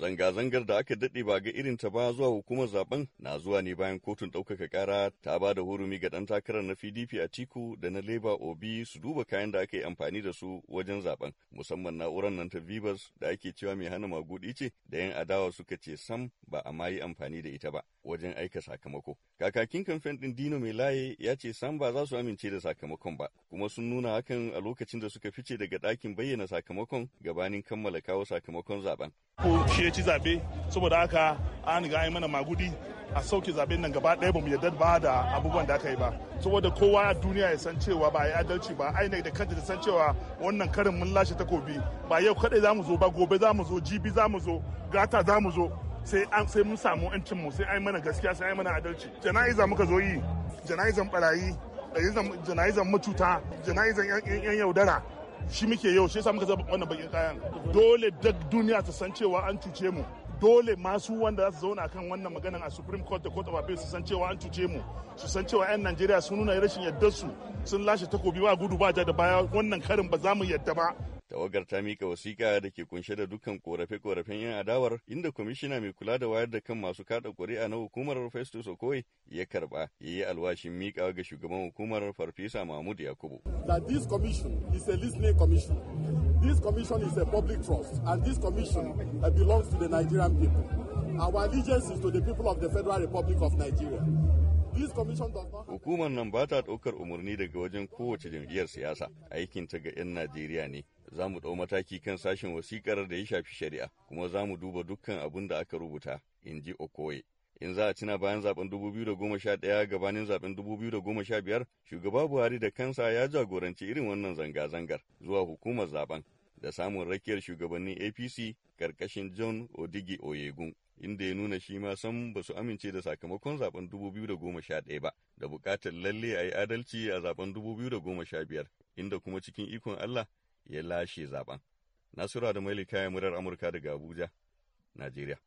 Zanga-zangar da aka daɗe ba ga irin ta ba zuwa hukumar zaben na zuwa ne bayan kotun ɗaukaka ƙara ta ba da hurumi ga ɗan takarar na PDP a Tiku da na Labour Obi su duba kayan da aka yi amfani da su wajen zaben, musamman na'urar nan ta Vivas da ake cewa mai hana magudi ce da 'yan adawa suka ce sam ba a ma yi amfani da ita ba wajen aika sakamako. Kakakin kamfen ɗin Dino Mai Laye ya ce sam ba za su amince da sakamakon ba, kuma sun nuna hakan a lokacin da suka fice daga ɗakin bayyana sakamakon gabanin kammala kawo sakamakon zaben. ko shi ya ci zabe saboda haka an ga mana magudi a sauke zaben nan gaba ɗaya ba mu yarda ba da abubuwan da aka yi ba saboda kowa a duniya ya san cewa ba yi adalci ba aina da kanta ta san cewa wannan karin mun lashe takobi ba yau kadai za mu zo ba gobe za mu zo jibi za mu zo gata za mu zo sai an sai mun samu yancin mu sai ai mana gaskiya sai ai mana adalci jana'iza muka zo yi jana'izan barayi jana'izan macuta jana'izan yan yaudara shi muke yau shi yasa muka zaba wannan bakin kayan dole duk duniya ta san cewa an cuce mu dole masu wanda za su zauna kan wannan magana a supreme court da court of appeal su san cewa an cuce mu su san cewa 'yan najeriya sun nuna rashin yardar su sun lashe takobi ba gudu ba ja da baya wannan karin ba za mu yarda ba Tawagar ta mika wasiƙa da ke kunshe da dukkan korafe-korafen 'yan adawar inda kwamishina mai kula da wayar da kan masu kada ƙuri'a na hukumar Festus Okoye ya karba ya yi alwashin mikawa ga shugaban hukumar Farfesa Mahmud Yakubu. That this commission is a listening commission. This commission is a public trust and Republic of Nigeria. Hukumar nan ba ta ɗaukar umarni daga wajen kowace jam'iyyar siyasa, aikinta ga 'yan Najeriya ne, za mu ɗau mataki kan sashen wasikar da ya shafi shari'a kuma za mu duba dukkan abin da aka rubuta in ji okoye in za a cina bayan zaben 2011 gabanin zaben 2015 shugaba buhari da kansa ya jagoranci irin wannan zanga-zangar zuwa hukumar zaben da samun rakiyar shugabannin apc karkashin john odigi oyegun inda ya nuna shi ma san ba su amince da sakamakon zaben 2011 ba da bukatar lalle a yi adalci a zaben 2015 inda kuma cikin ikon allah ya lashe zaben. Nasura da Malika ya murar Amurka daga Abuja, Najeriya.